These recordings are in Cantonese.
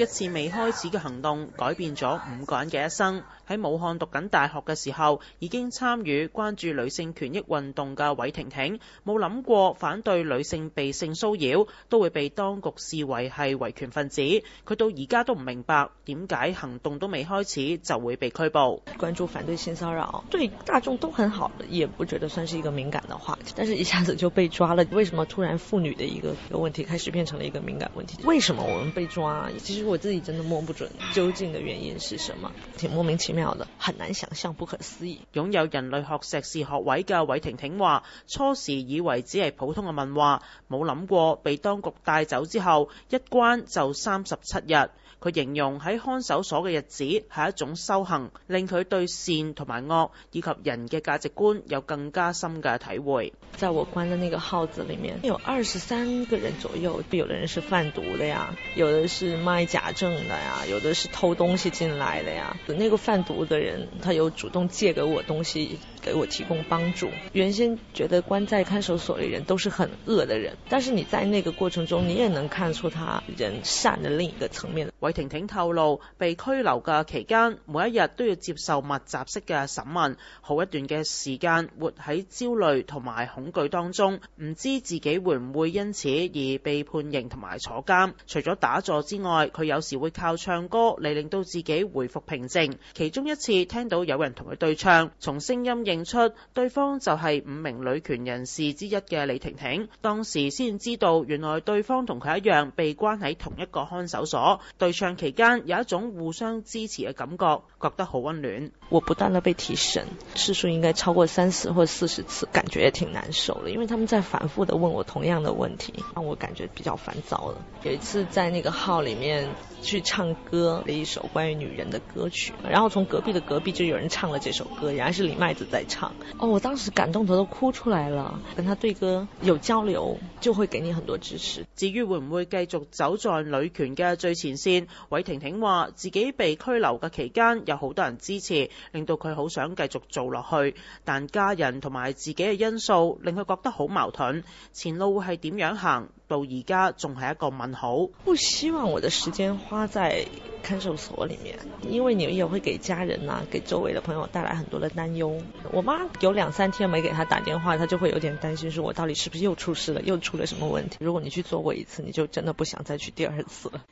一次未開始嘅行動改變咗五個人嘅一生。喺武漢讀緊大學嘅時候，已經參與關注女性權益運動嘅韋婷婷，冇諗過反對女性被性騷擾都會被當局視為係維權分子。佢到而家都唔明白點解行動都未開始就會被拘捕。關注反對性騷擾對大眾都很好，也不覺得算是一個敏感的話題，但係一下子就被抓了，為什麼突然婦女嘅一個問題開始變成了一個敏感問題？為什麼我們被抓？其實。我自己真的摸不準究竟的原因是什麼，挺莫名其妙的，很難想象，不可思議。擁有人類學碩士學位嘅韋婷婷話，初時以為只係普通嘅問話，冇諗過被當局帶走之後，一關就三十七日。佢形容喺看守所嘅日子係一種修行，令佢對善同埋惡以及人嘅價值觀有更加深嘅體會。在我關的那個號子裏面，有二十三個人左右，有的人是販毒的呀，有的是賣假證的呀，有的是偷東西進來的呀。那個販毒的人，他有主動借給我東西，給我提供幫助。原先覺得關在看守所嘅人都是很惡的人，但是你在那個過程中，你也能看出他人善的另一個層面。李婷婷透露，被拘留嘅期間，每一日都要接受密集式嘅審問，好一段嘅時間活喺焦慮同埋恐懼當中，唔知自己會唔會因此而被判刑同埋坐監。除咗打坐之外，佢有時會靠唱歌嚟，令到自己恢復平靜。其中一次聽到有人同佢對唱，從聲音認出對方就係五名女權人士之一嘅李婷婷，當時先知道原來對方同佢一樣被關喺同一個看守所。對唱期間有一種互相支持的感覺，覺得好溫暖。我不斷地被提審，次數應該超過三十或四十次，感覺也挺難受的，因為他們在反覆地問我同樣的問題，讓我感覺比較煩躁。有一次在那個號裡面去唱歌的一首關於女人的歌曲，然後從隔壁的隔壁就有人唱了這首歌，原來是李麥子在唱。哦，我當時感動得都哭出來了，跟他對歌有交流就會給你很多支持。至於會唔會繼續走在女權嘅最前線？韋婷婷話：自己被拘留嘅期間有好多人支持，令到佢好想繼續做落去。但家人同埋自己嘅因素，令佢覺得好矛盾。前路會係點樣行？到而家仲係一個問號。不希望我的時間花在看守所裏面，因為你也會給家人啊，給周圍的朋友帶來很多的擔憂。我媽有兩三天沒給她打電話，她就會有點擔心，說我到底是不是又出事了，又出了什麼問題？如果你去做過一次，你就真的不想再去第二次了。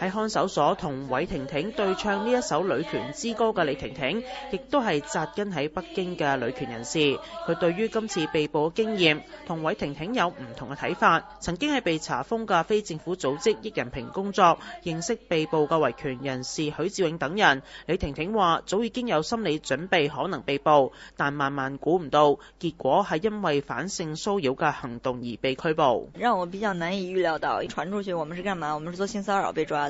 喺看守所同韋婷婷對唱呢一首女權之歌嘅李婷婷，亦都係紮根喺北京嘅女權人士。佢對於今次被捕嘅經驗，霆霆同韋婷婷有唔同嘅睇法。曾經係被查封嘅非政府組織益仁平工作，認識被捕嘅維權人士許志永等人。李婷婷話：早已經有心理準備可能被捕，但萬萬估唔到，結果係因為反性騷擾嘅行動而被拘捕。讓我比較難以預料到，傳出去我們是幹嘛？我們是做性騷擾被抓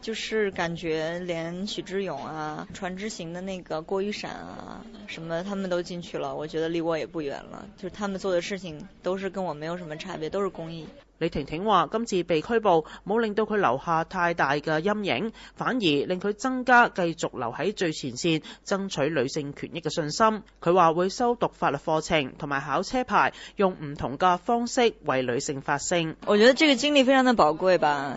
就是感覺連許志永啊、傳知行的那個郭玉閃啊，什麼他們都進去了，我覺得離我也不遠了。就是他們做的事情都是跟我沒有什麼差別，都是公益。李婷婷話：今次被拘捕，冇令到佢留下太大嘅陰影，反而令佢增加繼續留喺最前線，爭取女性權益嘅信心。佢話會修讀法律課程，同埋考車牌，用唔同嘅方式為女性發聲。我覺得這個經歷非常的寶貴吧。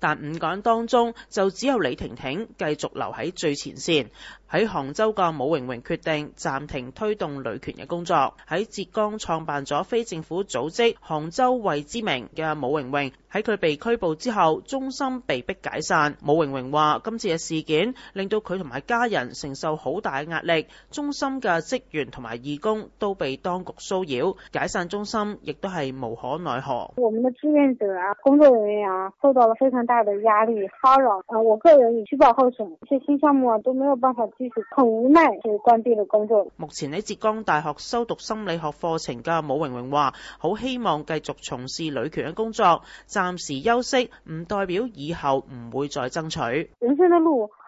但五個人當中就只有李婷婷繼續留喺最前線。喺杭州嘅武榮榮決定暫停推動女權嘅工作。喺浙江創辦咗非政府組織杭州蔚之鳴嘅武榮榮。喺佢被拘捕之後，中心被迫解散。武榮榮話：今次嘅事件令到佢同埋家人承受好大嘅壓力，中心嘅職員同埋義工都被當局騷擾，解散中心亦都係無可奈何。我們的志願者啊，工作人員啊，受到了非常大的壓力騷擾啊！我個人以取保候審，一些新項目啊都沒有辦法繼續，很無奈就關閉了工作。目前喺浙江大學修讀心理學課程嘅武榮榮話：好希望繼續從事女權嘅工作。暫時休息，唔代表以後唔會再爭取。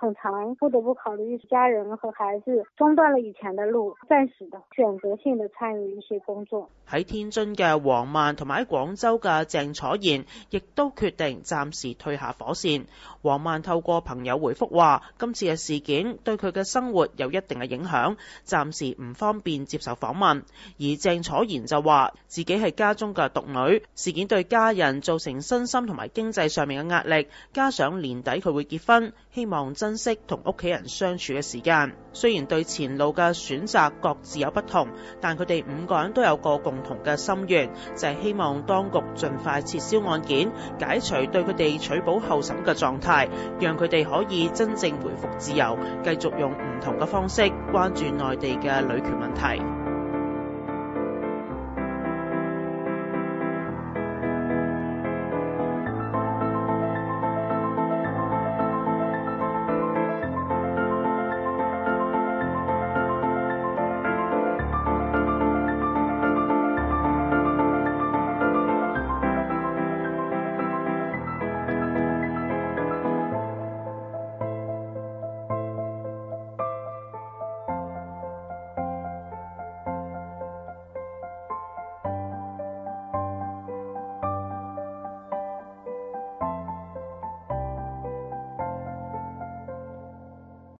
很長，不得不考慮家人和孩子，中斷了以前的路，暫時的，選擇性的參與一些工作。喺天津嘅王曼同埋喺廣州嘅鄭楚然，亦都決定暫時退下火線。王曼透過朋友回覆話，今次嘅事件對佢嘅生活有一定嘅影響，暫時唔方便接受訪問。而鄭楚然就話自己係家中嘅獨女，事件對家人造成身心同埋經濟上面嘅壓力，加上年底佢會結婚，希望真。珍惜同屋企人相處嘅時間。雖然對前路嘅選擇各自有不同，但佢哋五個人都有個共同嘅心願，就係希望當局盡快撤銷案件，解除對佢哋取保候審嘅狀態，讓佢哋可以真正回復自由，繼續用唔同嘅方式關注內地嘅女權問題。